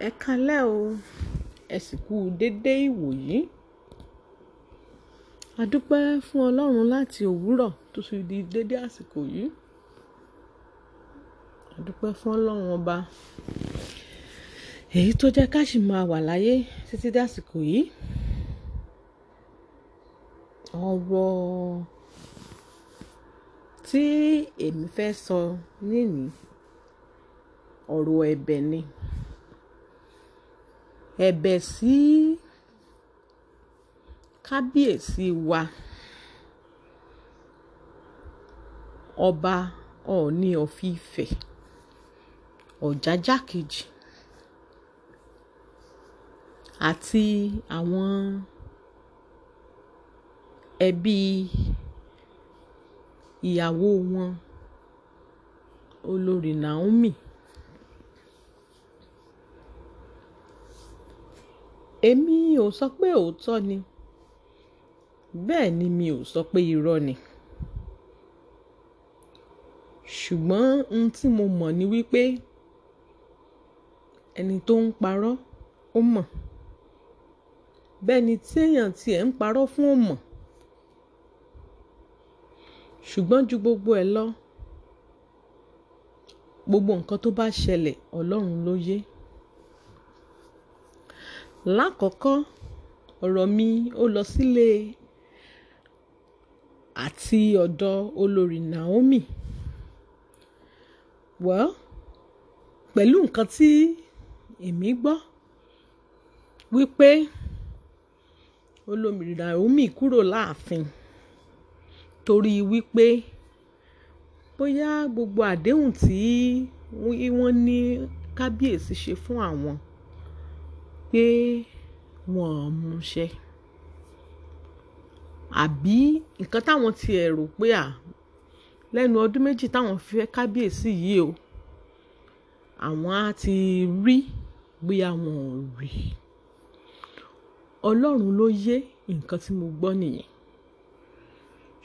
ẹ kalẹ́ o ẹ sì kú dédé ìwòyí a dúpẹ́ fún ọlọ́run láti òwúrọ̀ tó fi di dédé àsìkò yìí a dúpẹ́ fún ọlọ́run ọba èyí tó jẹ́ ká sì máa wà láyé títí dásìkò yìí ọ̀rọ̀ tí èmi fẹ́ sọ nínú ọ̀rọ̀ ẹ̀bẹ̀ ni. Oro ẹ̀bẹ̀ sí kábíyèsí wa ọba ọọ̀ni of Ifẹ̀ ọ̀jájá kejì àti àwọn ẹbí ìyàwó wọn olórí Naomi Èmi ò sọ pé òótọ́ ni, bẹ́ẹ̀ ni mi ò sọ pé irọ́ ni. Ṣùgbọ́n ohun tí mo mọ̀ ni wípé ẹni tó ń parọ́ ó mọ̀. Bẹ́ẹ̀ ni tí èèyàn tí ẹ̀ ń parọ́ fún ò mọ̀. Ṣùgbọ́n ju gbogbo ẹ lọ, gbogbo nǹkan tó bá ṣẹlẹ̀ Ọlọ́run ló yé. Lákọ̀ọ́kọ́ ọ̀rọ̀ mi ó lọ sílé àti ọ̀dọ̀ olórí Naomi. Well, pẹ̀lú nǹkan tí èmi gbọ́ wípé olórí Naomi kúrò láàfin torí wípé bóyá gbogbo àdéhùn tí wọ́n ní kábíyèsí ṣe fún àwọn pé wọn ò múṣẹ àbí nǹkan táwọn ti ẹ̀ rò pé à lẹ́nu ọdún méjì táwọn fi fẹ́ kábíyèsí yìí o àwọn á ti rí bóyá wọn ò rí ọlọ́run ló yé nǹkan tí mo gbọ́ nìyẹn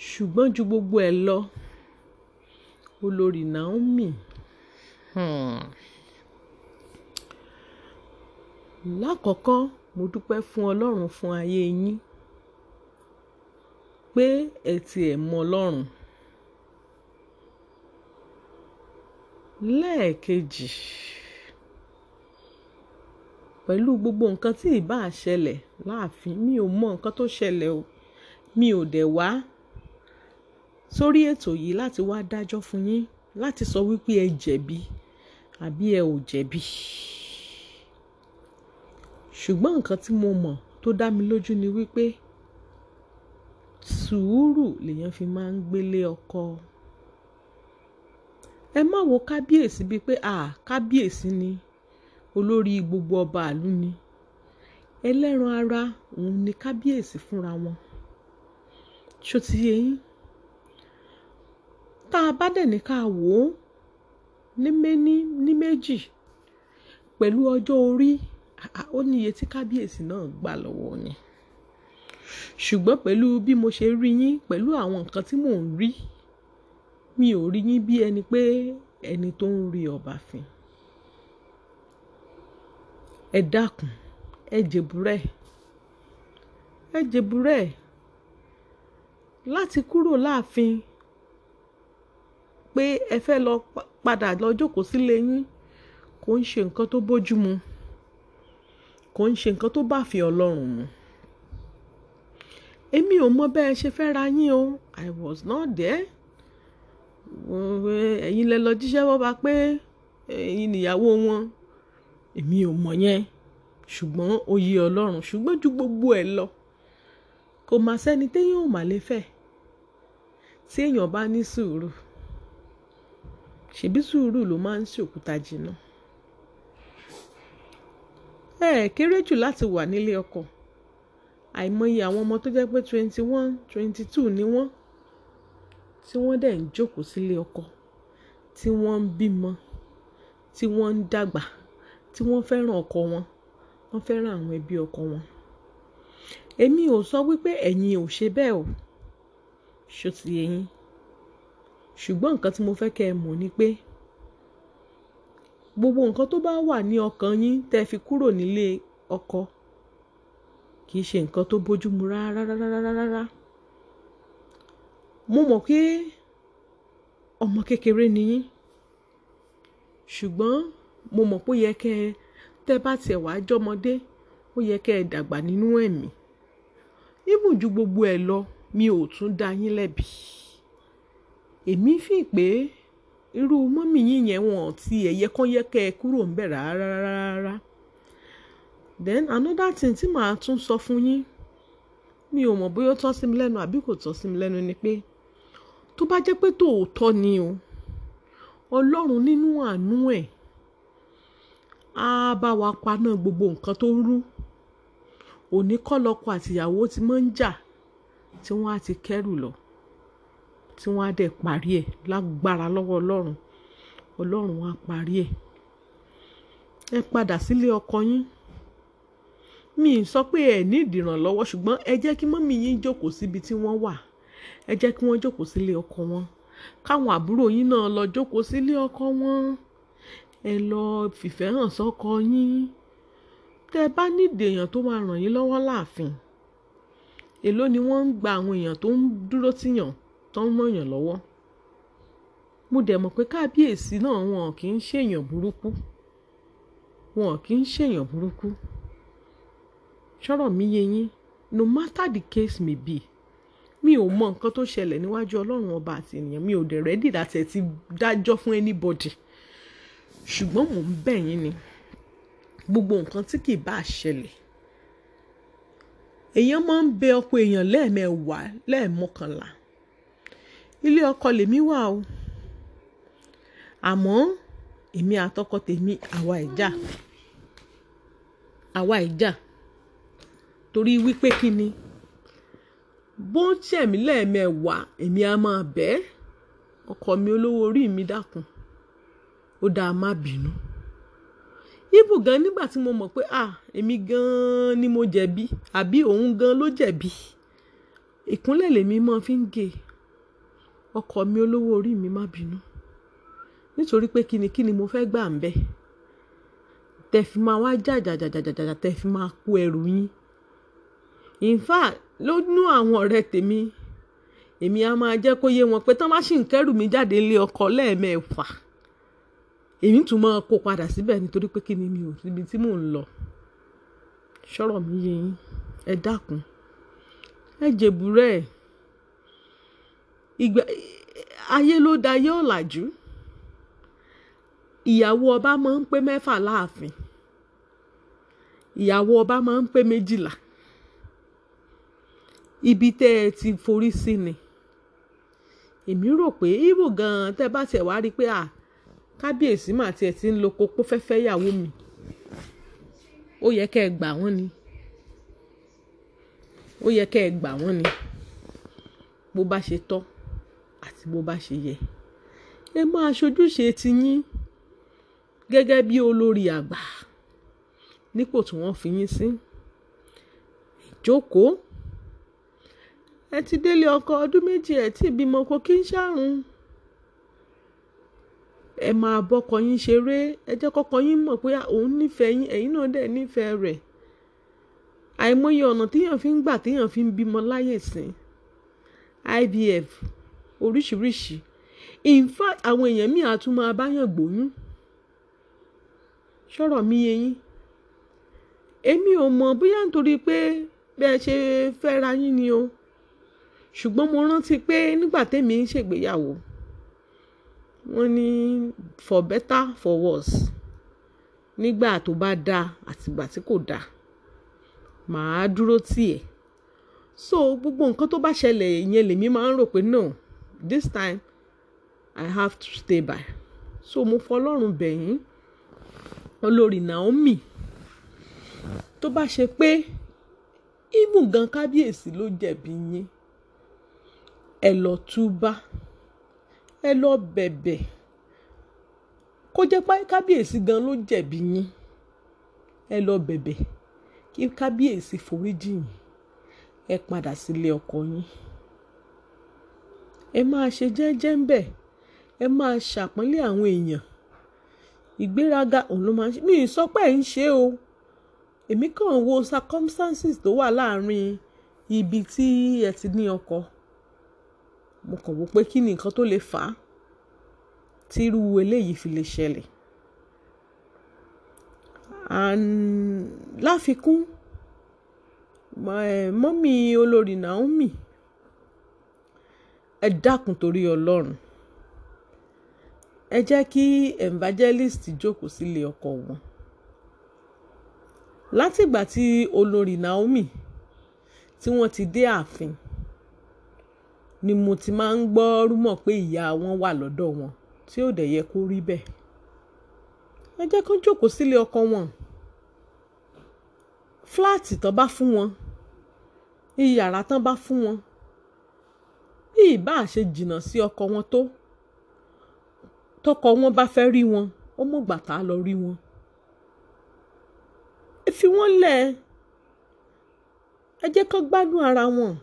ṣùgbọ́n ju gbogbo ẹ̀ lọ olórí Naomi. Hmm. Lákọ̀ọ́kọ́ mo dúpẹ́ fún Ọlọ́run fún ayé yín pé ẹ ti ẹ̀ mọ Ọlọ́run. Lẹ́ẹ̀kejì, pẹ̀lú gbogbo nǹkan tí ìbá ṣẹlẹ̀ láàfin, mi ò mọ nǹkan tó ṣẹlẹ̀ o. Mi ò dẹ̀ wá sórí ètò yìí láti wá dájọ́ fún yín, láti sọ wípé ẹ jẹ̀bi àbí ẹ ò jẹ̀bi. Ṣùgbọ́n nǹkan tí mo mọ̀ tó dá mi lójú ni wípé sùúrù lèèyàn fi máa ń gbélé ọkọ. Ẹ má wo kábíyèsí bíi pé à kábíyèsí ni olórí gbogbo ọba ìlú ni. Ẹlẹ́ran ara òun ni kábíyèsí fúnra wọn. Ṣó ti yé yín? Tá a bá dẹ̀ ní ká wò ó ní méní ní méjì pẹ̀lú ọjọ́ orí Ah, ah, ó ní iye tí kábíyèsí náà gbà lọ́wọ́ ni ṣùgbọ́n pẹ̀lú bí mo ṣe rí yín pẹ̀lú àwọn nǹkan tí mò ń rí mi ò rí yín bí ẹni pé ẹni tó ń rí ọba fín ẹ dákun ẹ jèbúrẹ́ ẹ jèbúrẹ́ láti kúrò láàfin pé ẹ fẹ́ lọ padà lọ jókòó sílé yín kò ń ṣe nǹkan tó bójú mu kò ń ṣe nǹkan tó bá fi Ọlọ́run mu èmi ò mọ bẹ́ẹ̀ ṣe fẹ́ ra yín o I was not there ẹ̀yin lẹ lọ jíṣẹ́ wọ́n bá pé ẹ̀yin nìyàwó wọn èmi ò mọ̀ yẹn ṣùgbọ́n oyè Ọlọ́run ṣùgbọ́n ju gbogbo ẹ̀ lọ kò mà sẹ́ni téèyàn ò mà lè fẹ́ tí èèyàn bá ní sùúrù ṣèbí sùúrù ló máa ń ṣòkúta jìnnà ẹ kéré jù láti wà nílé ọkọ àìmọye àwọn ọmọ tó jẹ́ pé twenty one twenty two ni wọ́n tí wọ́n dẹ̀ ń jókòó sílé ọkọ tí wọ́n ń bímọ tí wọ́n ń dàgbà tí wọ́n fẹ́ràn ọkọ wọn wọ́n fẹ́ràn àwọn ẹbí ọkọ wọn èmi ò sọ wípé ẹ̀yin ò ṣe bẹ́ẹ̀ o ṣó ti yé yín ṣùgbọ́n nǹkan tí mo fẹ́ kẹ́ ẹ mọ̀ ni pé gbogbo nǹkan tó bá wà ní ọkàn yín tẹ́ fi kúrò nílé ọkọ kì í ṣe nǹkan tó bójúmu rárá rárá rárá rárá mo mọ̀ pé ọmọ kékeré ni yín ṣùgbọ́n mo mọ̀ pé ó yẹ kẹ́ ẹ tẹ́ bá tiẹ̀ wá jọmọdé ó yẹ kẹ́ ẹ dàgbà nínú ẹ̀mí níbùn ju gbogbo ẹ̀ lọ mi ò tún dá yín lẹ́bi èmi fi pé irú mọ́mì yín yẹn wọn ti ẹ̀yẹ kán yẹ kẹ́ ẹ kúrò ń bẹ̀ rárá then another thing tí màá tún sọ fún yín mi ò mọ̀ bóyá ó tọ́ sí mi lẹ́nu àbí kò tọ́ sí mi lẹ́nu ni pé tó bá jẹ́ pé tòótọ́ ni o ọlọ́run nínú àánú ẹ̀ á bá wa paná gbogbo nǹkan tó rú òní kọ́ àtìyàwó ti máa ń jà tí wọ́n á ti kẹ́rù lọ tí wọ́n á dẹ̀ parí ẹ̀ lágbára lọ́wọ́ ọlọ́run ọlọ́run á parí ẹ̀ ẹ padà sílé ọkọ yín mi ì sọ pé ẹ ní ìdìrànlọ́wọ́ ṣùgbọ́n ẹ jẹ́ kí mọ́mì yín jókòó síbi tí wọ́n wà ẹ jẹ́ kí wọ́n jókòó sílé ọkọ wọn káwọn àbúrò yín náà lọ jókòó sílé ọkọ wọn ẹ lọ fìfẹ́ hàn sọ́kọ yín tẹ́ bá nídìí èèyàn tó máa ràn yín lọ́wọ́ láàfin èló ni wọ́n ń gba àwọn èèyàn tó ń dúró tíyàn tó ń rànyàn lọ́wọ́ mo dẹ̀ mọ̀ pé kábíyèsí náà wọn kì í ṣèyàn burúkú wọn kì í ṣèyàn burúkú ṣọ́rọ̀ mi yé yín no matter the case may be mi ò mọ nǹkan tó ṣẹlẹ̀ níwájú ọlọ́run ọba àti ènìyàn mi ò dẹ̀ rẹ́dì láti ẹ̀ ti dájọ́ fún anybody ṣùgbọ́n mò ń bẹ̀ yín ni gbogbo nǹkan tí kì í bá ṣẹlẹ̀ èèyàn máa ń bẹ ọkọ èèyàn lẹ́ẹ̀mẹwàá lẹ́ẹ̀mọkànlá ilé ọkọ lèmi wà o àmọ́ èmi àtọkọ tèmi àwa ìjà àwa ìjà torí wípé kí ni bó ń tẹ̀ mí lẹ́ẹ̀mẹwàá èmi á máa bẹ́ ọkọ mi olówó orí mi dákun ó dáa má bínú ibù gan nígbà tí mo mọ̀ pé à èmi gan ni mo jẹ̀bi àbí òun gan ló jẹ̀bi ìkúnlẹ̀ lèmi máa fi ń gé e ọkọ mi olówó orí mi má bínú nítorí pé kíni kíni mo fẹ́ gbà ń bẹ̀ tẹ́ fi máa wá jàjàjàjàjà tẹ́ fi máa kó ẹrù yín in fact lónú àwọn ọ̀rẹ́ tèmi èmi á máa jẹ́ kó yé wọn pé tán bá sì ń kẹ́rù mi jáde lé ọkọ lẹ́ẹ̀mẹ́fà èmi tún máa kó padà síbẹ̀ nítorí pé kíni mi ò síbi tí mò ń lọ ṣọ́rọ̀ mi yé ẹ dákun ẹ jèbúrẹ́ ẹ̀ ìgbà ayé ló dayé ọ̀làjú ìyàwó ọba máa ń pé mẹ́fà láàfin ìyàwó ọba máa ń pé méjìlá ibi tẹ́ ẹ ti forí sí ni èmi rò pé ibo gan-an tẹ́ bá tiẹ̀ wá rí i pé à kábíyèsí mà tiẹ̀ ti ń lo kókó fẹ́fẹ́ ìyàwó mi ó yẹ kẹ́ ẹ gbà wọ́n ni ó yẹ kẹ́ ẹ gbà wọ́n ni bó bá ṣe tọ́ àti bó bá ṣe yẹ ẹ máa ṣojúṣe tiyín gẹ́gẹ́ bí olórí àgbà nípò tí wọ́n fi yín sí ìjókòó ẹ ti délé ọkọ ọdún méjì ẹ tí ìbímọ kò kí ń ṣàrùn ẹ máa bọ́kọ yín ṣeré ẹ jẹ́ kọ́kọ yín mọ̀ pé òun nífẹ̀ẹ́ yín ẹ̀yin náà dẹ̀ nífẹ̀ẹ́ rẹ̀ àìmọye ọ̀nà téèyàn fi ń gbà téèyàn fi ń bímọ láyè sìn IVF oríṣiríṣi in fact àwọn èèyàn míì á tún máa báyàn gbóyún ṣọ́rọ̀ mi yé yín èmi ò mọ̀ bóyá nítorí pé bí ẹ ṣe fẹ́ra yín ni o ṣùgbọ́n mo rántí pé nígbà tẹ́mi ń ṣègbéyàwó wọ́n ní for better for worse nígbà tó bá dáa àtìgbà tí kò dáa màá dúró tì ẹ́ so gbogbo nǹkan tó bá ṣẹlẹ̀ yẹn lèmi máa ń rò pé náà this time I have to stay by so mo fọlọ́run bẹ̀yìn olórí Naomi tó bá ṣe pé even gan kábíyèsí ló jẹ̀bi yín ẹ lọ túbá ẹ lọ bẹ̀bẹ̀ kó jẹ́ pé kábíyèsí gan ló jẹ̀bi yín ẹ lọ bẹ̀bẹ̀ kí kábíyèsí foríjì yín ẹ padà sílé ọkọ yín. Ẹ máa ṣe jẹ́jẹ́ ń bẹ̀. Ẹ máa ṣàpọ́nlé àwọn èèyàn. Ìgbéraga òun ló máa ń ṣe. Mi ò sọ pé ẹ̀ ń ṣe o. Èmi kàn wo circumstances tó wà láàárín ibi tí ẹ ti ní ọkọ̀. Mo kàn wò pé kí ni nǹkan tó lè fà á tí irú eléyìí fi lè ṣẹlẹ̀. Láfikún, mọ́mì olórí Naomi ẹ dákun torí ọlọ́run ẹ jẹ́ kí evangelist jókòó sílé ọkọ wọn látìgbà tí olórí Naomi tí wọ́n ti dé ààfin ni mo ti máa ń gbọ́ rúmọ̀ pé ìyá wọn wà lọ́dọ̀ wọn tí ò dẹ̀ yẹ kó rí bẹ́ẹ̀ ẹ jẹ́ kó jókòó sílé ọkọ wọn fúláàtì tán bá fún wọn iyàrá tán bá fún wọn bí ìbá ṣe jìnnà sí ọkọ wọn tó tọkọ wọn bá fẹ́ rí wọn ó mọ̀gbà tá a lọ rí wọn. ẹ fi wọ́n lẹ̀ ẹ jẹ́ kán gbádùn ara wọn.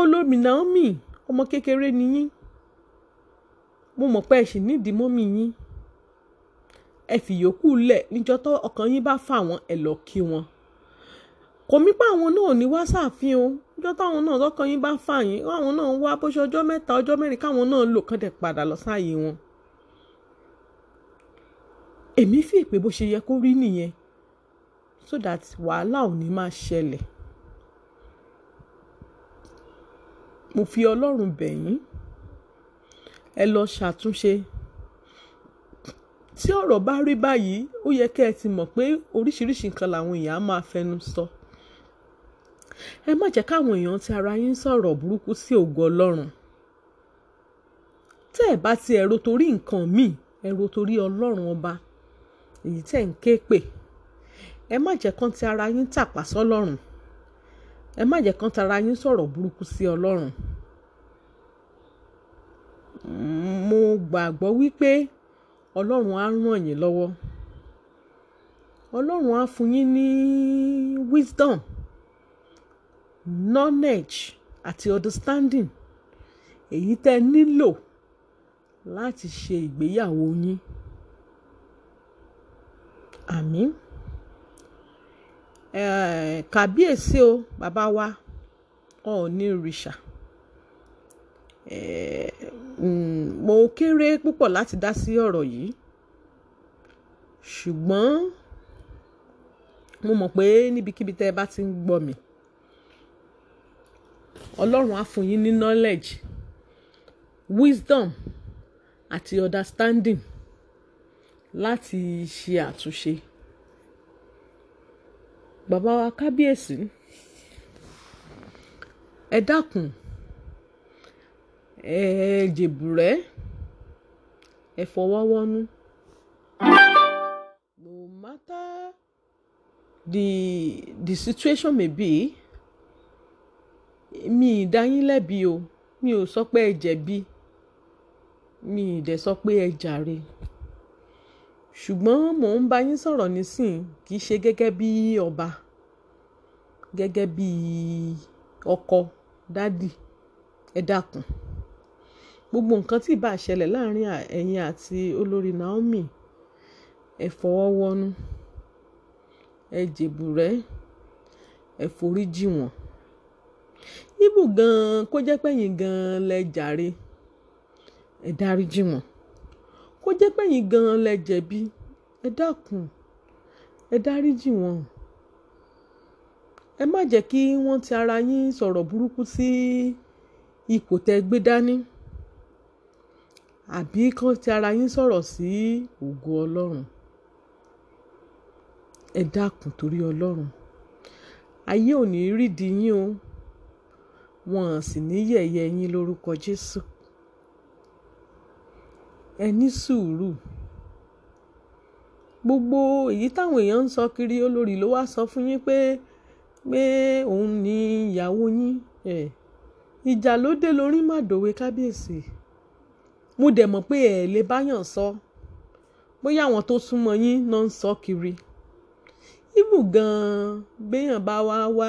olómi Naomi ọmọ kékeré ni yín mo mọ̀ pé ẹ sì nídìí mọ́mì yín ẹ fi yòókù lẹ̀ níjọ́ tó ọkàn yín bá fà wọ́n ẹ lọ kí wọn. kò mí pa àwọn náà ní wá o ọjọ́ táwọn náà lọ́kọ yín bá fà yín àwọn náà ń wá bó ṣe ọjọ́ mẹ́ta ọjọ́ mẹ́rin káwọn náà lò kán dẹ̀ padà lọ sáàyè wọn. èmi fi ìpè bó ṣe yẹ kó rí nìyẹn so that wàhálà ò ní máa ṣẹlẹ̀. mo fi ọlọ́run bẹ̀ yín ẹ lọ ṣàtúnṣe tí ọ̀rọ̀ bá rí báyìí ó yẹ kẹ́ ẹ ti mọ̀ pé oríṣiríṣi nǹkan làwọn èèyàn á máa fẹnu sọ. So ẹ má jẹ́ káwọn èèyàn ti ara yín sọ̀rọ̀ burúkú sí ògo Ọlọ́run tẹ́ ẹ bá ti ẹ̀rọ torí nǹkan míì ẹ̀rọ torí Ọlọ́run ọba èyí tẹ́ ń ké pè ẹ má jẹ́ kán ti ara yín tàpá sọ́lọ́run ẹ má jẹ́ kán ti ara yín sọ̀rọ̀ burúkú sí Ọlọ́run mo gbàgbọ́ wípé Ọlọ́run á ràn yín lọ́wọ́ Ọlọ́run á fún yín ní wisdom knowledge àti understanding èyí tẹ́ nílò láti ṣe ìgbéyàwó yín. Àmín. Ẹ̀, kàbíyèsí o, bàbá wa, ọ̀ọ̀ni òrìṣà. Ẹ̀, mm, mo kéré púpọ̀ láti dá sí ọ̀rọ̀ yìí. Ṣùgbọ́n mo mọ̀ pé níbikíbi tí ẹ bá ti ń gbọ́ mi ọlọ́run á fún yín ní knowledge wisdom àti understanding láti ṣe àtúnṣe bàbá wa kábíyèsí ẹ dákun ẹ jèbùrẹ́ ẹ fọwọ́wọ́nú no matter the the situation may be mi ì dá yín lẹ́bi o mi ò sọ pé ẹ jẹ̀bi mi ì dẹ̀ sọ pé ẹ jàre ṣùgbọ́n mò ń bá yín sọ̀rọ̀ nísìn kì í ṣe gẹ́gẹ́ bí ọba gẹ́gẹ́ bí ọkọ dádì ẹ dákun gbogbo nǹkan tí ìbá ṣẹlẹ̀ láàrin ẹ̀yin àti olórí Naomi ẹ fọwọ́ wọnú ẹ jèbùrẹ́ ẹ foríjì wọ́n even gan-an kó jẹ́ pẹ́yìn gan-an lẹ jàre ẹ dáríjì wọ́n kó jẹ́ pẹ́yìn gan-an lẹ jẹ̀bi ẹ dákun ẹ dáríjì wọ́n ẹ má jẹ́ kí wọ́n ti ara yín sọ̀rọ̀ burúkú sí ipò tẹ́ gbé dání àbí kán ti ara yín sọ̀rọ̀ sí ògo ọlọ́run ẹ dákun torí ọlọ́run ayé ò ní rídìí yín o wọn sì ní yẹ̀yẹ́ yín lórúkọ Jésù ẹ ní sùúrù gbogbo èyí táwọn èèyàn ń sọ kiri olórí ló wá sọ fún yín pé pé òun ni ìyàwó yín ẹ ìjà ló dé lórí má dòwe kábíyèsí mo dẹ̀ mọ̀ pé ẹ̀ lè báyàn sọ bóyá àwọn tó súnmọ́ yín náà ń sọ kiri ibù gan-an béèyàn bá wá wá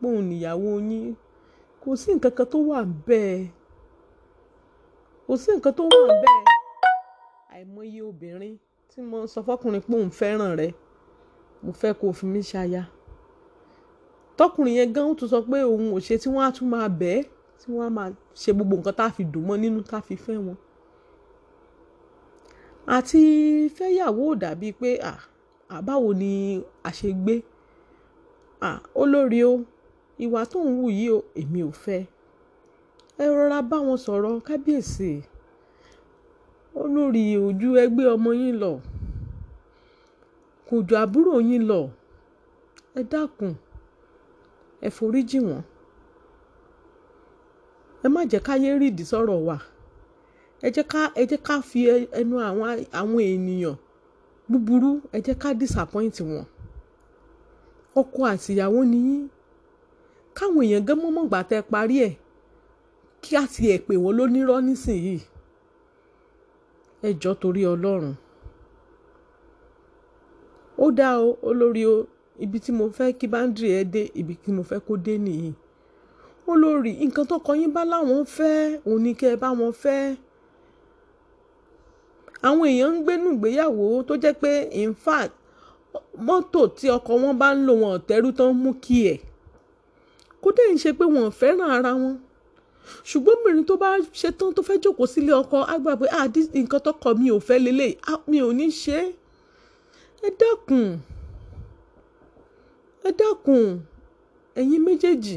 póun níyàwó yín kò sí nǹkan kan tó wà bẹ́ẹ̀ kò sí nǹkan tó wà bẹ́ẹ̀ àìmọye obìnrin tí mo sọ fọkùnrin pé òun fẹ́ràn rẹ mo fẹ́ kó o fi mí ṣaya tọkùnrin yẹn gan ó tún sọ pé òun ò ṣe tí wọ́n á tún máa bẹ́ẹ̀ tí wọ́n á máa ṣe gbogbo nǹkan tá a fi dùn mọ́ nínú tá a fi fẹ́ wọn àti fẹ́yàwó ò dàbíi pé àbáwo ni àṣegbé ó lórí o. Ah, ìwà tó ń wù yìí o èmi ò fẹ́ ẹ rọra bá wọn sọ̀rọ̀ kábíyèsí olórí ojú ẹgbẹ́ ọmọ yín lọ kò jọ àbúrò yín lọ ẹ dákun ẹ foríjì wọ́n ẹ má jẹ́ káyé rídìí sọ̀rọ̀ wa ẹ jẹ́ ká ẹ jẹ́ ká fi ẹnu àwọn àwọn ènìyàn búburú ẹ jẹ́ ká disappoint wọn ọkọ àtìyàwó ni yín káwọn èèyàn gan mọ́mọ́ gbà tẹ́ parí ẹ̀ kí a ti ẹ̀ pè wọ́n lónírọ́ nísìnyí ẹ jọ torí ọlọ́run ó dá o olórí o ibi tí mo fẹ́ kí báńdìrì ẹ dé ibi tí mo fẹ́ kó dé nìyí olórí nǹkan tó kọ yín bá láwọn fẹ́ òun ni kẹ́ ẹ bá wọn fẹ́ àwọn èèyàn ń gbénú ìgbéyàwó tó jẹ́ pé in fact mọ́tò tí ọkọ wọn bá ń lò wọn ọ̀tẹ́rú tó mú kí ẹ̀ kó dẹ̀ ń ṣe pé wọn ò fẹ́ràn ara wọn ṣùgbọ́n obìnrin tó bá ṣe tán tó fẹ́ jókòó sílé ọkọ á gbà pé ah this nǹkan tọkọ mi ò fẹ́ lélẹ̀ mi ò ní ṣe é ẹ dákun ẹ dákun ẹ̀yin méjèèjì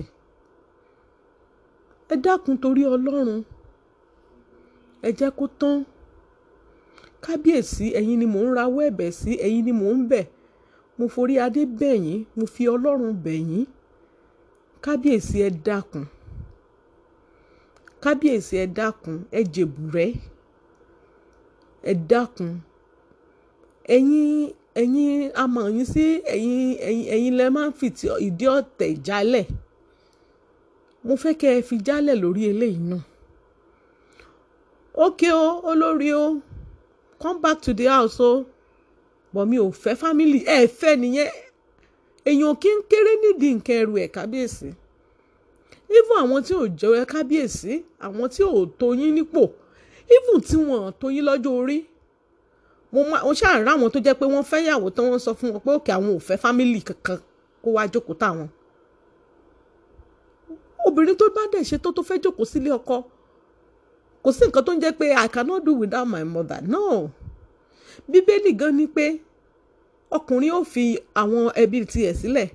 ẹ dákun torí ọlọ́run ẹ jẹ́ kó tán kábíyèsí ẹ̀yin ni mò ń rawọ́ ẹ̀bẹ̀ sí ẹ̀yin ni mò ń bẹ̀ mo forí adé bẹ̀ yín mo fi ọlọ́run bẹ̀ yín kábíyèsí ẹ dákun kábíyèsí ẹ dákun ẹ jèbùrẹ́ ẹ dákun ẹ̀yin ẹ̀yin amọ̀ yín sí ẹ̀yin ẹ̀yin ẹ̀yin lẹ máa ń fi ìdí ọ̀tẹ̀ jálẹ̀ mo fẹ́ kẹ́ ẹ fi jálẹ̀ lórí eléyìí náà ókè o olórí o come back to the house o bọ̀ mi ò fẹ́ family ẹ fẹ́ nìyẹn èèyàn kì í kéré nídìí nǹkan ẹrù ẹ̀ kábíyèsí even àwọn tí ò jẹ́ ẹ kábíyèsí àwọn tí ò tó yín nípò even tí wọ́n tó yín lọ́jọ́ orí mo ṣáà rá àwọn tó jẹ́ pé wọ́n fẹ́yàwó tán wọ́n sọ fún wọn pé òkè àwọn ò fẹ́ fámìlì kankan kó wá jókòó táwọn obìnrin tó bá dẹ̀ ṣe tó tó fẹ́ jókòó sílé ọkọ kò sí nǹkan tó ń jẹ́ pé I cannot do without my mother no bíbélì gan ni pé ọkùnrin ó fi àwọn ẹbí tiẹ̀ sílẹ̀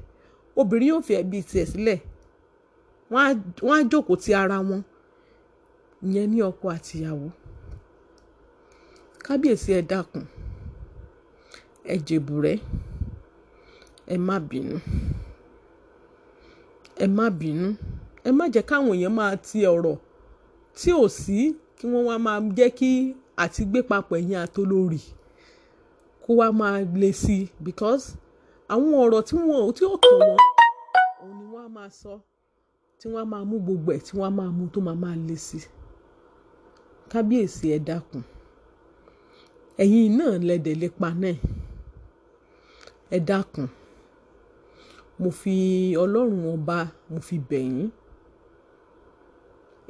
obìnrin ó fi ẹbí tiẹ̀ sílẹ̀ wọ́n á jókòó ti ara wọn ìyẹn ní ọkọ àtìyàwó kábíyèsí ẹ dákun ẹ jèbùrẹ́ ẹ má bínú ẹ má bínú ẹ má jẹ́ káwọn èèyàn máa ti ọ̀rọ̀ tí ò sí kí wọ́n wá máa jẹ́ kí àti gbé papọ̀ ẹ̀yin àtolórí kó wá máa le sí i because àwọn ọ̀rọ̀ tí wọ́n tí ó kàn wọ́n òun ni wọ́n á máa sọ tí wọ́n á máa mú gbogbo ẹ̀ tí wọ́n á máa mú tó máa máa le sí i kábíyèsí ẹ dákun ẹ̀yin náà lẹ́dẹ̀ lépa náà ẹ dákun mo fi ọlọ́run ọba mo fi bẹ̀ yín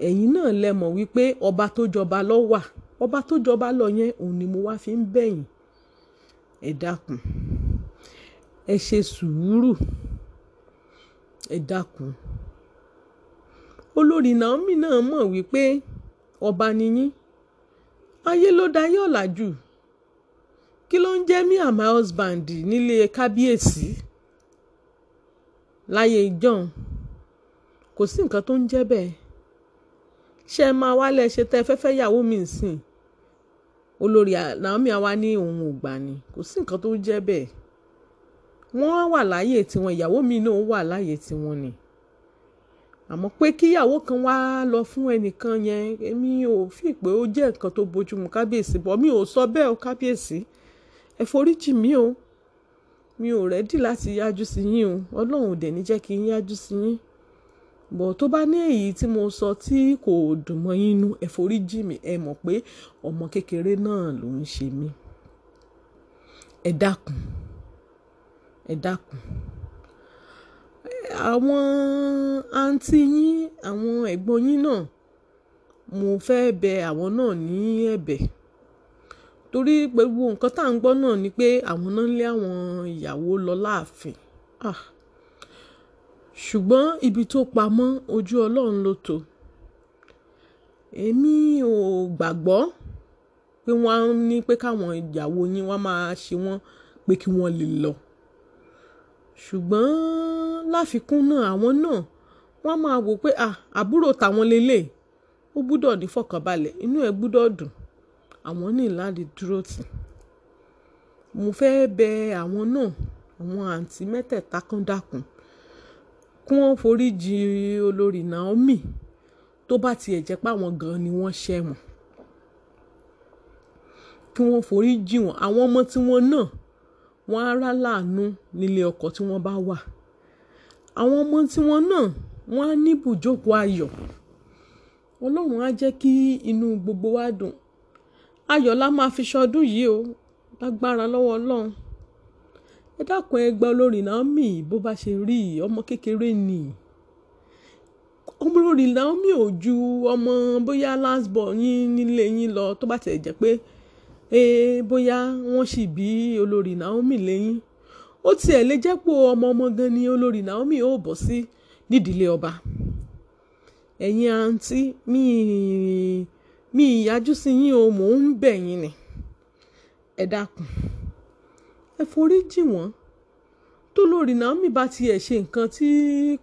ẹ̀yin náà lẹ wípé ọba tó jọba lọ ọba tó jọba lọ yẹn òun ni mo wá fi ń bẹ̀ ẹ dákun, ẹ ṣe sùúrù, ẹ dákun. Olórí Naomi náà mọ̀ wípé ọba ni yín. Ayé ló dayé ọ̀làjú. Kí ló ń jẹ́ me and my husband nílé kábíyèsí? Láyé ìjọ́un, kò sí nǹkan tó ń jẹ bẹ́ẹ̀. Ṣé máa wá ṣe tẹ fẹ́fẹ́ ìyàwó mi nsìn? olórí Naomi àwa ní òun ò gbà ni kò sí nǹkan tó jẹ́ bẹ́ẹ̀ wọ́n wà láyè tiwọn ìyàwó mi náà wà láyè tiwọn ni àmọ́ pé kíyàwó kan wá lọ fún ẹnìkan yẹn èmi ò fi pé ó jẹ́ nǹkan tó bójúmu kábíyèsí bọ́ mi ò sọ bẹ́ẹ̀ o kábíyèsí ẹ foríjì mi o mi ò rẹ́dì láti yájú sí yín o ọlọ́run ò dẹ̀ ní jẹ́ kí n yájú sí yín But tó bá ní èyí tí mo sọ tí kò dùn mọ́ yín nú, ẹ forí jì mí. Ẹ mọ̀ pé ọmọ kékeré náà ló ń ṣe mí. Ẹ dákun, ẹ dákun. Àwọn aunty yín, àwọn ẹ̀gbọ́n yín náà, mo fẹ́ bẹ àwọn náà ní ẹ̀bẹ̀. Torí gbogbo nǹkan tá ń gbọ́ náà ni pé àwọn náà ń lé àwọn ìyàwó lọ láàfin. Ah! ṣùgbọ́n ibi tó pamọ́ ojú ọlọ́run ló tó èmi ò gbàgbọ́ pé wọ́n á ní pé káwọn ìyàwó yín wọ́n máa ṣe wọ́n pé kí wọ́n lè lọ ṣùgbọ́n láfikún náà àwọn náà wọ́n máa wò pé àbúrò tàwọn lélẹ̀ ó gbúdọ̀ ní fọkànbalẹ̀ inú ẹ̀ gbúdọ̀ dùn àwọn ní láti dúró tì mo fẹ́ bẹ àwọn náà àwọn àǹtí mẹ́tẹ̀ẹ̀ta kan dákun kí wọ́n forí ji olórí Naomi tó bá tiẹ̀ jẹ́ pé gan ni wọ́n ṣẹ̀ wọ́n kí wọ́n forí jì wọ́n àwọn ọmọ tí wọ́n náà wọ́n á rá láàánú nílé ọkọ tí wọ́n bá wà àwọn ọmọ tí wọ́n náà wọ́n á ní ibùjókòó ayọ̀ ọlọ́run á jẹ́ kí inú gbogbo wa dùn ayọ̀ la máa fi ṣọdún yìí o lágbára lọ́wọ́ ọlọ́run ẹ dákun ẹ gba olórin Naomi bó bá ṣe rí ọmọ kékeré ni olórin Naomi ò ju ọmọ bóyá last born yín nílé yín lọ tó bá tẹ̀ jẹ́ pé ee bóyá wọ́n sì bí olórin Naomi lẹ́yìn ó tiẹ̀ lè jẹ́ pé ọmọ ọmọ gan ni olórin Naomi ó bọ̀ sí nídìílé ọba ẹ̀yin àǹtí mi mi ìyájú sí yín o mò ń bẹ̀ yín ni ẹ dákun ẹ forí jì wọ́n tó lórí Naomi bá tiẹ̀ ṣe nǹkan tí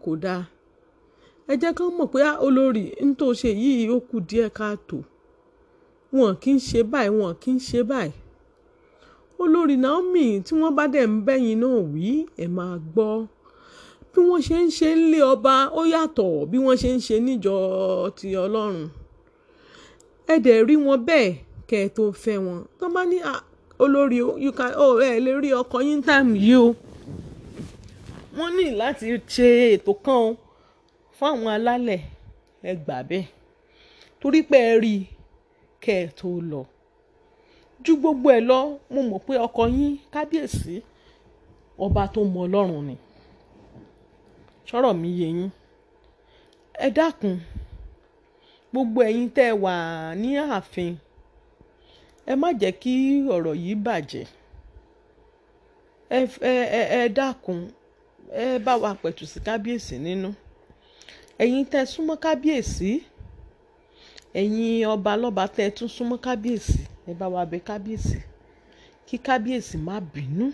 kò dáa ẹ jẹ́ kán mọ̀ pé ah, olórí ń tó ṣe yìí ó kù díẹ̀ káàtó wọn kì í ṣe báyìí wọn kì í ṣe báyìí olórí Naomi tí wọ́n bá dẹ̀ ń bẹ́yìn náà wí ẹ̀ máa gbọ́ bí wọ́n ṣe ń ṣe nílé ọba ó yàtọ̀ bí wọ́n ṣe ń ṣe níjọ ti Ọlọ́run ẹ dẹ̀ rí wọn bẹ́ẹ̀ kẹ́ ẹ tó fẹ́ wọn tó bá ní ah, olórí you can oh ẹ lè rí ọkọ yín time yìí o wọ́n ní láti ṣe ètò kan o fáwọn alálẹ̀ ẹ gbà bẹ́ẹ̀ torí pé ẹ rí kẹ́ ẹ tó lọ ju gbogbo ẹ lọ mo mọ̀ pé ọkọ yín kábíyèsí ọba tó mọ ọlọ́run ni sọ̀rọ̀ mi yé yín ẹ dákun gbogbo ẹ̀yin tẹ́ wà ní ààfin ẹ má jẹ́ kí ọ̀rọ̀ yìí bàjẹ́ ẹ ẹ ẹ dákun ẹ bá wa pẹ̀tù sí kábíyèsí nínú ẹ̀yin tẹ́ súnmọ́ kábíyèsí ẹ̀yin ọba lọ́ba tẹ́ tún súnmọ́ kábíyèsí ẹ bá wa bẹ̀ kábíyèsí kí kábíyèsí má bínú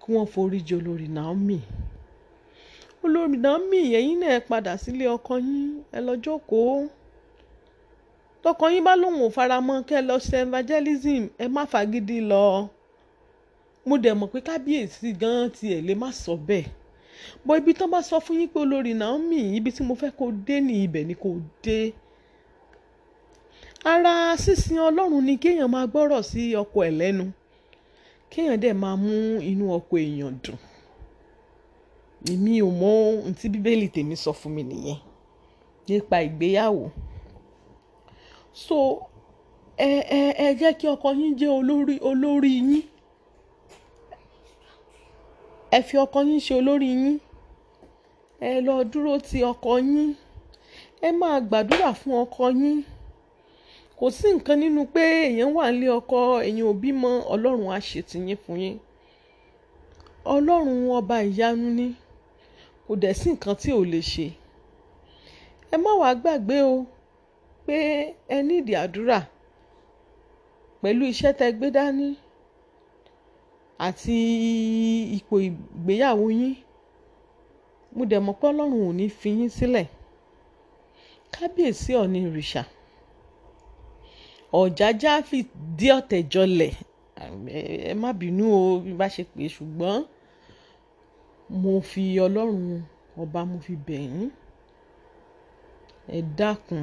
kí wọ́n forí jì olórí Naomi olórí Naomi ẹ̀yin náà padà sílé ọkọ yín ẹ tọkọ yín bá lóun ò fara mọ́ kẹ́ ẹ lọ ṣe evangelism ẹ má fagídí lọ mo dẹ̀ mọ̀ pé kábíyèsí gan tiẹ̀ lè má sọ bẹ́ẹ̀ bọ́ ibi tán bá sọ fún yín pé olórí Naomi ibi tí mo fẹ́ kó dé ní ibẹ̀ ni kò dé ara sísin ọlọ́run ni kéèyàn máa gbọ́rọ̀ sí ọkọ ẹ̀ lẹ́nu kéèyàn dẹ̀ máa mú inú ọkọ èèyàn dùn èmi ò mọ ohun tí bíbélì tèmi sọ fún mi nìyẹn nípa ìgbéyàwó so ẹ ẹ ẹ jẹ́ kí ọkọ yín jẹ́ olórí olórí yín ẹ fi ọkọ yín ṣe olórí yín ẹ lọ dúró ti ọkọ yín ẹ máa gbàdúrà fún ọkọ yín kò sí nǹkan nínú pé èèyàn wà nílé ọkọ èèyàn ò bímọ ọlọ́run á ṣètìyín fún yín ọlọ́run ọba ìyanu ni kò dẹ̀ sí nǹkan tí ò lè ṣe ẹ má wàá gbàgbé o pé ẹ nídìí àdúrà pẹ̀lú iṣẹ́ tẹ gbé dání àti ipò ìgbéyàwó yín mo dẹ̀ mọ̀ pé ọlọ́run ò ní fi yín sílẹ̀ kábíyèsí ọ̀ni ìrìṣà ọ̀jájá fi dí ọ̀tẹ̀ jọlẹ̀ ẹ má bínú o bí bá ṣe pè ṣùgbọ́n mo fi ọlọ́run ọba mo fi bẹ̀ yín ẹ dákun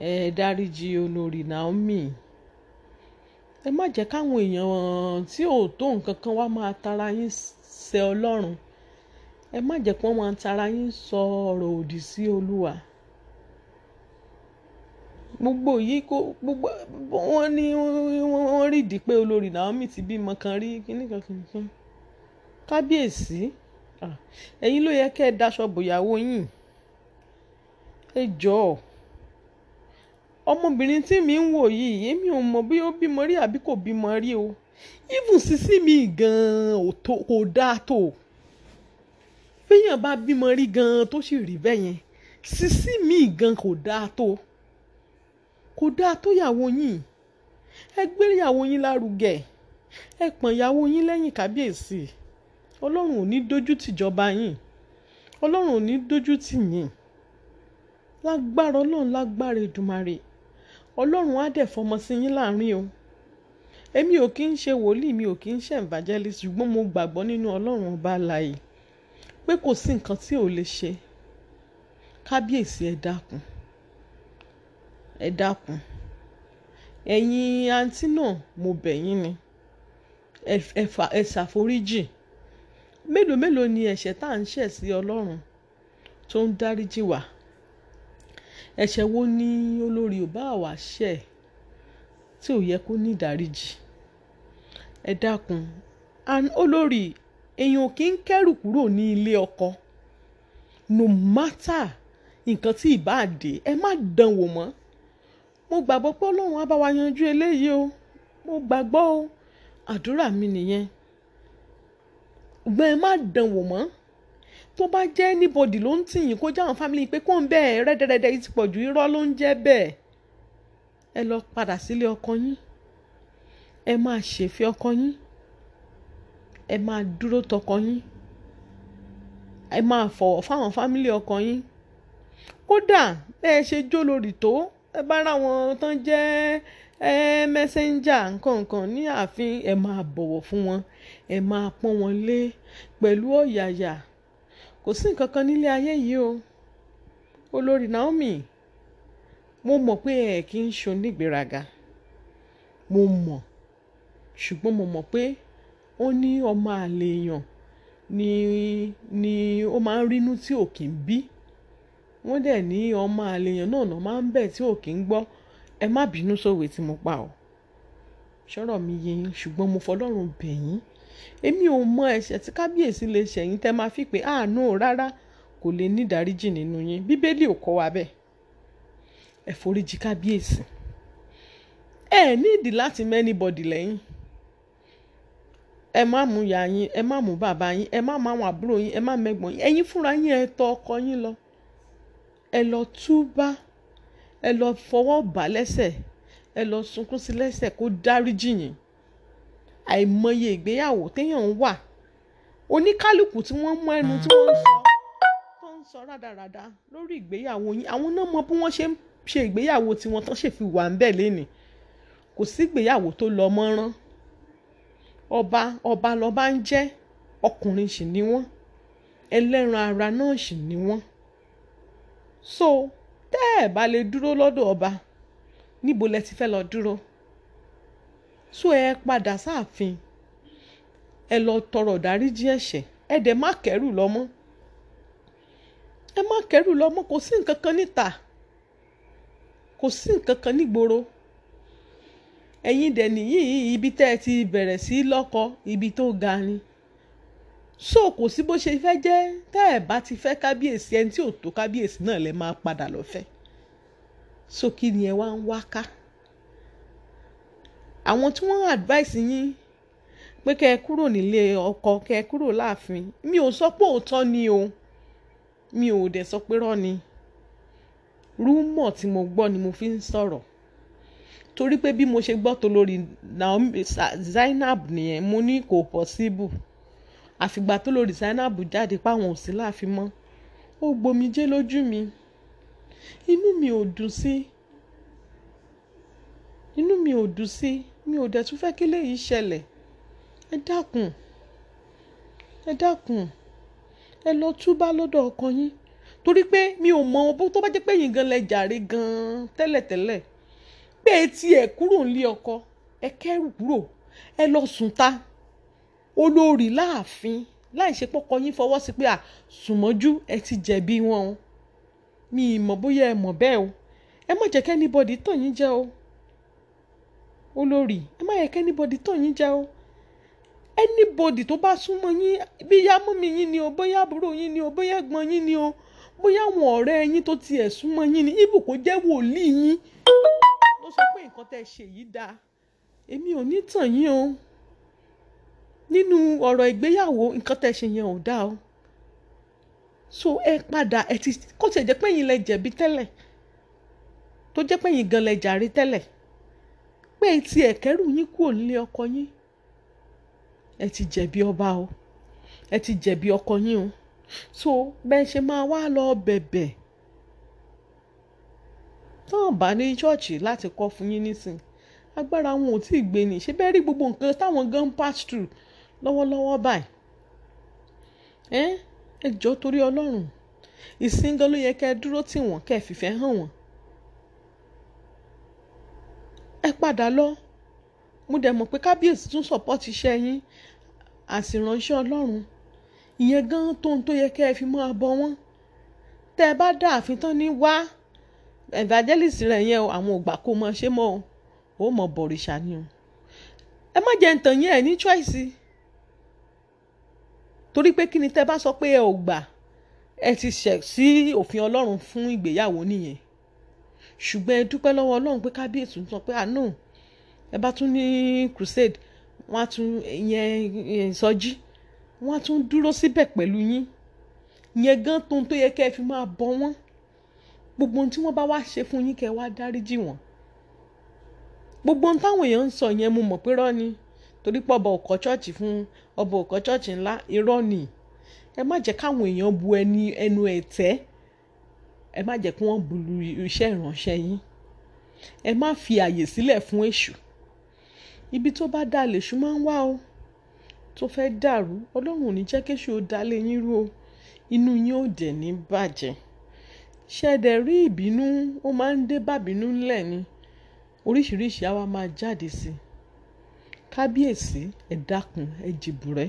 ẹ dáríjì olórí Naomi ẹ má jẹ́ káwọn èèyàn tí ò tó nǹkan kan wá máa tara yín ṣe ọlọ́run ẹ má jẹ́ kí wọ́n máa tara yín sọ ọ̀rọ̀ òdì sí olúwa gbogbo yìí kó gbogbo wọn ní wọn rí ìdí pé olórí Naomi ti bímọ kan rí kíní kan kíní kan kábíyèsí ẹ̀yin ló yẹ kẹ́ ẹ daṣọ bòyàwó yín ẹ jọ̀ọ́ ọmọbìnrin tí mi ń wò yìí èmi ò mọ̀ bí ó bímọ rí àbí kò bímọ rí o even sísí mi gan-an kò dáa tó fẹ́yàn bá bímọ rí gan-an tó sì rí bẹ́ẹ̀ yẹn sísí mi gan-an kò dáa tó kò dáa tó yàwó yín ẹ gbé yàwó yín lárugẹ ẹ pọ̀n yàwó yín lẹ́yìn kábíyèsí ọlọ́run ò ní dojú tìjọba yín ọlọ́run ò ní dojú tì yín lágbára ọlọ́run lágbára Èdùmàrè Ọlọ́run á dẹ̀ fọmọ sí yín láàárín o. Èmi ò kí ń ṣe wòlíì, mi ò kí ń ṣe evangelist ṣùgbọ́n mo gbàgbọ́ nínú Ọlọ́run ọba alààyè pé kò sí nǹkan tí ò lè ṣe. Kábíyèsí ẹ dákun, ẹ dákun. Ẹ̀yin àǹtí náà mo bẹ̀ yín ni. Ẹ ṣàforíjì. Mélòó mélòó ni ẹ̀ṣẹ̀ tá ń ṣẹ̀ sí Ọlọ́run tó ń dáríjì wá? Ẹ̀ṣẹ̀ wo ni olórí ò bá wa ṣẹ̀ tí ò yẹ kó ní ìdáríjì? Ẹ dákun. And olórí, èèyàn kì í kẹ́rù kúrò ní ilé ọkọ. No matter nǹkan tí ì bá dé, ẹ má dánwò mọ́. Mo gbàgbọ́ pé Ọlọ́run á bá wa yanjú eléyìí o. Mo gbàgbọ́ o. Àdúrà mi nìyẹn. Ṣùgbọ́n ẹ má dánwò mọ́ tó bá jẹ́ anybody ló ń tì yín kó jáwọn family pé kó ń bẹ́ẹ̀ rẹ́dẹ̀rẹ́dẹ́ yìí ti pọ̀ ju irọ́ ló ń jẹ́ bẹ́ẹ̀ ẹ lọ padà sílé ọkọ yín ẹ máa ṣèfẹ́ ọkọ yín ẹ máa dúró tọkọ yín ẹ máa fọ̀wọ̀ fáwọn fámílì ọkọ yín kódà ẹ ṣe jó lórí tó ẹ bá ra wọn tán jẹ́ ẹ mẹ́sẹ́ńjà nǹkankan ní ààfin ẹ máa bọ̀wọ̀ fún wọn ẹ máa pọ́n wọn lé pẹ̀lú ọ̀yàyà kò sí nǹkan kan nílé ayé yìí o olórí Naomi mo mọ pé ẹ kì í ṣo nígbéraga mo mọ ṣùgbọ́n mo mọ pé ó ní ọmọ àlè ni ni ó máa ń rínú tí ò kì í bí wọ́n dẹ̀ ní ọmọ àlè èèyàn náà náà máa ń bẹ̀ tí ò kì í gbọ́ ẹ má bínú sówe tí mo pa o sọrọ mi yé yín mo fọlọ́run bẹ̀ yín Èmi ò mọ ẹ̀ṣẹ̀ tí kábíyèsí lè ṣẹ̀ tẹ máa feel pé "àh ah, rárá kò lè ní nínú yín. Bíbélì ò kọ́ wa bẹ́ẹ̀. Ẹ foríji kábíyèsí. Ẹ need láti mọ anybody lẹ́yìn. Ẹ má mú ìyá yín, ẹ má mú bàbá yín, ẹ má mú àwọn àbúrò yín, ẹ má mú ẹ̀gbọ́n yín. Ẹ̀yin fúnra yín ẹ tọ ọkọ yín lọ. Ẹ lọ túbá, ẹ lọ fọwọ́ bà lẹ́sẹ̀, ẹ lọ sunkún sí lẹ́sẹ̀ kó dáríjì yín àìmọye ìgbéyàwó téèyàn ń wà oníkálukú tí wọ́n mọ ẹnu tí wọ́n ń sọ tó ń sọ rádaràda lórí ìgbéyàwó yín àwọn náà mọ bí wọ́n ṣe ń ṣe ìgbéyàwó tiwọn tán ṣe fi wà ń bẹ̀ lénìí kò sí ìgbéyàwó tó lọ mọ́rán ọba ọba lọba ń jẹ́ ọkùnrin sì ni wọ́n ẹlẹ́ran ara náà sì ni wọ́n so tẹ́ ẹ̀ bá lè dúró lọ́dọ̀ ọba níbo lẹ ti fẹ́ lọ dúró so ẹ padà sáàfin ẹ lọ tọrọ dáríjì ẹ̀ṣẹ̀ ẹ dẹ̀ má kẹ́rù lọ́mọ ẹ má kẹ́rù lọ́mọ kò sí nǹkan kan níta kò sí nǹkan kan nígboro ẹ̀yin dẹ̀ nìyí ibi tẹ́ ẹ ti bẹ̀rẹ̀ sí lọ́kọ ibi tó ga ni so kò sí bó ṣe fẹ́ jẹ́ tẹ́ ẹ bá ti fẹ́ kábíyèsí ẹni tí ò tó kábíyèsí náà lẹ máa padà lọ fẹ́ so kí ni ẹ wá ń wá ká àwọn tí wọ́n advice yín pé kẹ́ ẹ kúrò nílé ọkọ kẹ́ ẹ kúrò láàfin mi ò sọ pé òótọ́ ni o mi ò dẹ̀ sọ pé rọ́ ni rúmọ̀ tí mo gbọ́ ni mo fi ń sọ̀rọ̀ torí pé bí mo ṣe gbọ́ tó lórí Naomi Zainab nìyẹn mo ní kò possible àfìgbà tó lórí Zainab jáde páwọn ò sí láàfin mọ́ ó gbomijé lójú mi inú mi ò dùn sí inú mi ò dùn sí mi ò dẹ̀ tún fẹ́ kí eléyìí ṣẹlẹ̀. Ẹ dákun, ẹ dákun, ẹ lọ túbá lọ́dọ̀ ọkọ yín. Torí pé mi ò mọ̀ bó tó bá jẹ́ pé ẹ̀yin gan lẹ jàre gan tẹ́lẹ̀tẹ́lẹ̀. Pé ẹ ti ẹ̀ kúrò nílé ọkọ, ẹ kẹ́rù kúrò, ẹ lọ sùn ta. Olórí láàfin láìṣẹ́ pé ọkọ yín fọwọ́ sí pé à sùnmọ́jú ẹ ti jẹ̀bi wọn o. Mi ò mọ̀ bóyá ẹ mọ̀ bẹ́ẹ̀ o. Ẹ má jẹ́ kí anybody tàn yín jẹ o olórí ẹ má yẹ kí anybody tàn yín jẹ o anybody tó bá súnmọ́ yín bóyá mọ́mí yín ni o bóyá àbúrò yín ni o bóyá ẹ̀gbọ́n yín ni o bóyá àwọn ọ̀rẹ́ yín tó tiẹ̀ súnmọ́ yín ni ibù kó jẹ́ wòlíì yín ló sọ pé nǹkan tẹ́ ṣe yìí dáa èmi ò ní tàn yín o nínú ọ̀rọ̀ ìgbéyàwó nǹkan tẹ́ ṣe yẹn ò dáa o so ẹ padà ẹ ti kó tiẹ̀ jẹ́ pé yín lẹ jẹ̀bi tẹ́lẹ̀ tó jẹ́ pé yín gan lẹ jàre tẹ́lẹ̀ pé ẹ ti ẹ̀kẹ́rù yín kúrò nílé ọkọ yín ẹ ti jẹ̀bi ọba o ẹ ti jẹ̀bi ọkọ yín o so bẹ́ẹ̀ ṣe máa wá lọ bẹ̀bẹ̀ tán bá ní ṣọ́ọ̀ṣì láti kọ́ fún yín nísìn agbára wọn ò tí ì gbé ni ṣé bẹ́ẹ̀ rí gbogbo nǹkan táwọn gan pass through lọ́wọ́lọ́wọ́ báyìí ẹ jọ̀ọ́ torí ọlọ́run ìsìn gan ló yẹ kẹ́ ẹ dúró tì wọ́n kẹ́ ẹ fìfẹ́ hàn wọ́n ẹ padà lọ mo dẹ̀ mọ̀ pé kábíyèsí tún sọ̀pọ́tì iṣẹ́ yín àsìránṣẹ́ ọlọ́run ìyẹn gan tó ń tó yẹ kẹ́ ẹ fi máa bọ wọ́n tẹ́ ẹ bá dá àfin tán ní wá evangelist rẹ̀ yẹn o àwọn ògbà kò mọ ṣé mọ́ o ó mọ bọ̀rìṣà ni o ẹ má jẹ́ ntàn yẹn ẹ ní choice torí pé kí ni tẹ́ bá sọ pé ẹ ò gbà ẹ ti ṣẹ̀ sí òfin ọlọ́run fún ìgbéyàwó nìyẹn ṣùgbọ́n ẹ dúpẹ́ lọ́wọ́ ọlọ́run pé kábíyèsí ń sọ pé àánú ẹ bá tún ní crusade wọ́n á tún yẹn ìsọjí wọ́n á tún dúró síbẹ̀ pẹ̀lú yín yẹn gan tó ń tó yẹ kẹ́ ẹ fi máa bọ wọ́n gbogbo ohun tí wọ́n bá wá ṣe fún yín kẹ́ ẹ wá dáríjì wọ́n gbogbo ohun táwọn èèyàn ń sọ yẹn mo mọ̀ pé rọ́ ni torí pé ọba òkọ chọ́ọ̀chì fún ọba òkọ chọ́ọ̀chì ńlá irọ́ ni ẹ má jẹ́ káwọn èèyàn bu ẹnu ẹ̀tẹ́ ẹ má jẹ́ kí wọ́n bulu iṣẹ́ ìránṣẹ́ yín ẹ má fi àyè sílẹ̀ fún èṣù ibi tó bá dá lèṣù máa ń wá o tó fẹ́ dàrú ọlọ́run ò ní jẹ́ kéṣù ó dá lé yín rú o inú yín ò dẹ̀ ní bàjẹ́ ṣẹ̀dẹ̀ rí ìbínú ó máa ń dé bàbínú ńlẹ̀ ni oríṣiríṣi àwa máa jáde sí i kábíyèsí ẹ dákun ẹ jìbùrẹ́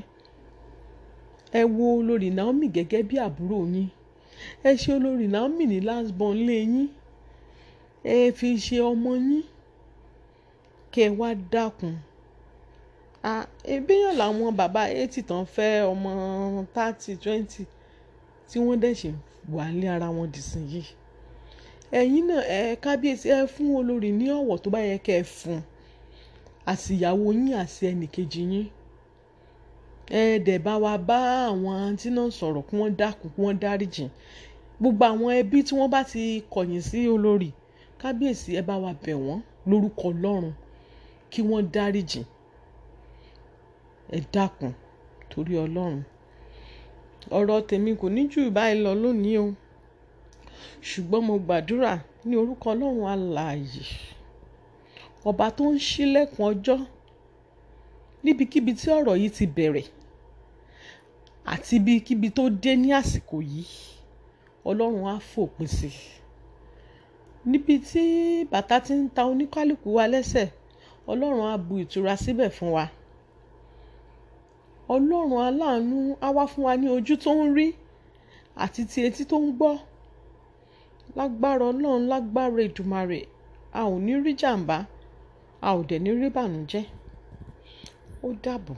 ẹ wo lórí Naomi gẹ́gẹ́ bí àbúrò yín ẹ ṣe olórí Naomi ní last born lé yín ẹ fi ṣe ọmọ yín kẹ wá dákun ebéyàn làwọn bàbá eighty tán fẹ́ ọmọ thirty twenty tí wọ́n dẹ̀ ṣe wà lé ara wọn dìsìn yìí ẹ̀yin náà ẹ kábíyèsí ẹ fún olórí ní ọ̀wọ̀ tó bá yẹ kẹ́ fún àsìyàwó yín àti ẹnìkejì yín ẹ dẹ̀ bá wa bá àwọn àǹtí náà sọ̀rọ̀ kí wọ́n dákun kí wọ́n dáríjìn gbogbo àwọn ẹbí tí wọ́n bá ti kọ̀yìn sí olórí kábíyèsí ẹ bá wa bẹ̀ wọ́n lórúkọ ọlọ́run kí wọ́n dáríjìn ẹ dákun torí ọlọ́run ọ̀rọ̀ tèmi kò ní jù báyìí lọ lónìí o ṣùgbọ́n mo gbàdúrà ní orúkọ ọlọ́run alààyè ọba tó ń ṣílẹ̀kùn ọjọ́ níbikíbi tí ọ̀rọ̀ yìí ti bẹ̀rẹ̀ àti ibikíbi tó dé ní àsìkò yìí ọlọ́run á fòpin sí i níbi tí bàtà ti ń ta oníkálukú wa lẹ́sẹ̀ ọlọ́run á bu ìtura síbẹ̀ fún wa ọlọ́run aláàánú á wá fún wa ní ojú tó ń rí àti ti etí tó ń gbọ́ lágbára ọlọ́run lágbára ìdùmarè a ò ní rí jàǹbá a ò dẹ̀ ní rí bànújẹ́. o diabo.